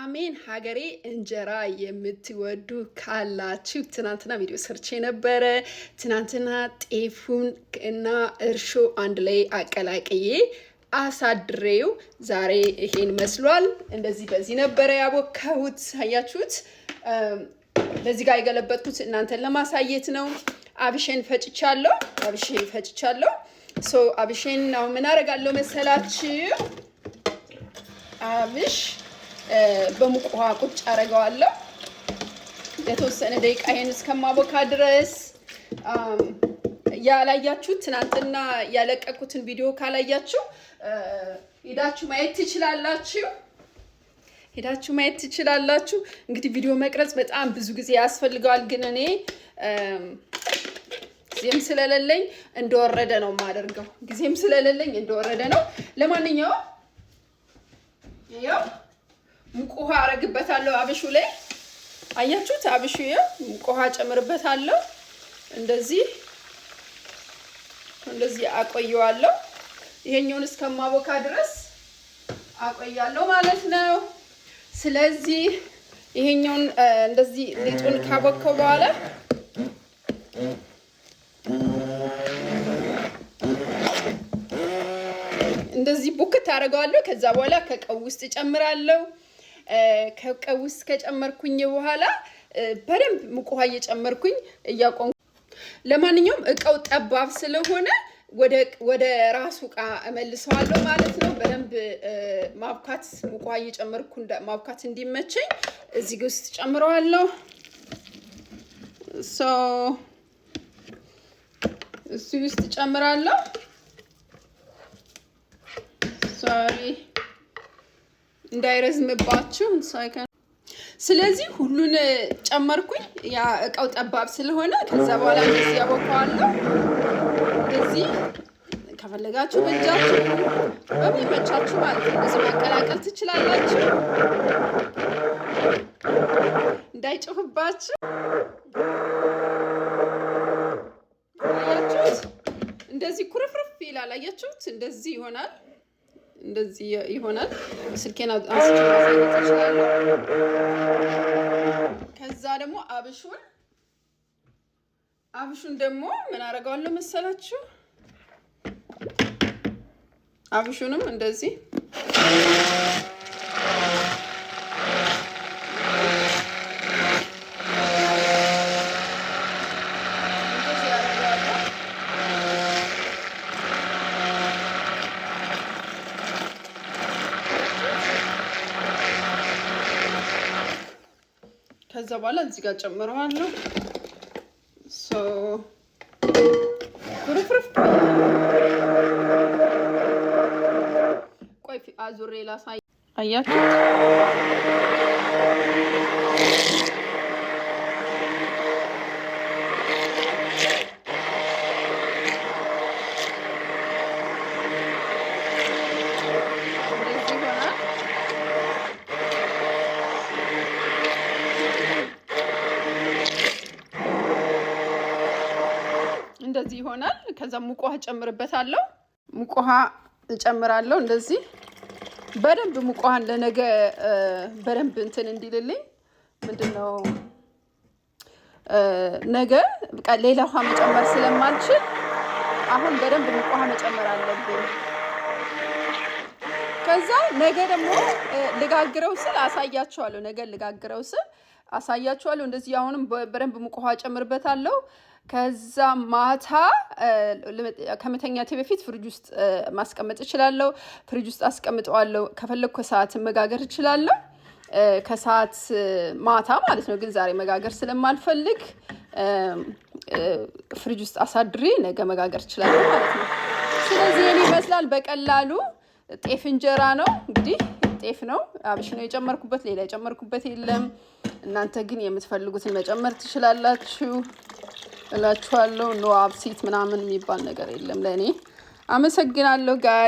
አሜን ሀገሬ እንጀራ የምትወዱ ካላችሁ ትናንትና ቪዲዮ ሰርቼ ነበረ። ትናንትና ጤፉን እና እርሾ አንድ ላይ አቀላቅዬ አሳድሬው ዛሬ ይሄን መስሏል። እንደዚህ በዚህ ነበረ ያቦካሁት። ሳያችሁት በዚህ ጋር የገለበጥኩት እናንተን ለማሳየት ነው። አብሽን ፈጭቻለሁ። አብሽን ፈጭቻለሁ። ሶ አብሽን ምን አደርጋለሁ መሰላችሁ አብሽ በሙቅ ውሃ ቁጭ አደርገዋለሁ ለተወሰነ ደቂቃ ይሄን እስከማቦካ ድረስ። ያላያችሁት ትናንትና ያለቀቁትን ቪዲዮ ካላያችሁ ሄዳችሁ ማየት ትችላላችሁ ሄዳችሁ ማየት ትችላላችሁ። እንግዲህ ቪዲዮ መቅረጽ በጣም ብዙ ጊዜ ያስፈልገዋል፣ ግን እኔ ጊዜም ስለሌለኝ እንደወረደ ነው የማደርገው። ጊዜም ስለሌለኝ እንደወረደ ነው። ለማንኛውም ያው ሙቅ ውሃ አረግበታለሁ አብሹ ላይ አያችሁት? አብሹ ያ ሙቅ ውሃ ጨምርበታለሁ። እንደዚህ እንደዚህ አቆየዋለሁ። ይሄኛውን እስከማቦካ ድረስ አቆያለሁ ማለት ነው። ስለዚህ ይሄኛውን እንደዚህ ሊጡን ካቦካው በኋላ እንደዚህ ቡክት አደርገዋለሁ። ከዛ በኋላ ከቀው ውስጥ እጨምራለሁ። ከቀውስ ከጨመርኩኝ በኋላ በደንብ ሙቅ ውሃ እየጨመርኩኝ እያቆም ለማንኛውም እቃው ጠባብ ስለሆነ ወደ ራሱ እቃ እመልሰዋለሁ ማለት ነው። በደንብ ማብካት ሙቅ ውሃ እየጨመርኩ ማብካት እንዲመቸኝ እዚህ ውስጥ ጨምረዋለሁ። እዚህ ውስጥ ጨምራለሁ። ሶሪ እንዳይረዝምባችሁ ስለዚህ ሁሉን ጨመርኩኝ። ያ እቃው ጠባብ ስለሆነ ከዛ በኋላ እንደዚህ ያቦካዋለሁ። እዚህ ከፈለጋችሁ በእጃችሁ በሚመቻችሁ ማለት እዚህ እንደዚህ ማቀላቀል ትችላላችሁ። እንዳይጮፍባችሁ አያችሁት? እንደዚህ ኩርፍርፍ ይላል። አያችሁት? እንደዚህ ይሆናል። እንደዚህ ይሆናል። ስልኬን አንስቼ ከዛ ደግሞ አብሹን አብሹን ደግሞ ምን አደርገዋለሁ መሰላችሁ? አብሹንም እንደዚህ ከዛ በኋላ እዚህ ጋር ጨምረዋለሁ። ፍርፍርፍ ቆይ አዙሬ ላሳይ አያችሁ ከዛ ሙቆሃ ውሃ እጨምርበታለሁ። ሙቆሃ እጨምራለሁ። እንደዚህ በደንብ ሙቆሃን ለነገ በደንብ እንትን እንዲልልኝ ምንድን ነው ነገ በቃ ሌላ ውሃ መጨመር ስለማልችል አሁን በደንብ ሙቆሃ መጨመር አለብን። ከዛ ነገ ደግሞ ልጋግረው ስል አሳያቸዋለሁ። ነገ ልጋግረው ስል አሳያቸዋለሁ። እንደዚህ አሁንም በደንብ ሙቆሃ ውሃ እጨምርበታለሁ። ከዛ ማታ ከመተኛቴ በፊት ፍሪጅ ውስጥ ማስቀመጥ እችላለሁ። ፍሪጅ ውስጥ አስቀምጠዋለሁ። ከፈለግኩ ከሰዓት መጋገር እችላለሁ። ከሰዓት ማታ ማለት ነው። ግን ዛሬ መጋገር ስለማልፈልግ ፍሪጅ ውስጥ አሳድሬ ነገ መጋገር እችላለሁ ማለት ነው። ስለዚህ ይህን ይመስላል በቀላሉ ጤፍ እንጀራ ነው እንግዲህ ጤፍ ነው። አብሽ ነው የጨመርኩበት፣ ሌላ የጨመርኩበት የለም። እናንተ ግን የምትፈልጉትን መጨመር ትችላላችሁ። እላችኋለሁ። ኖ አብሲት ምናምን የሚባል ነገር የለም ለእኔ። አመሰግናለሁ ጋይ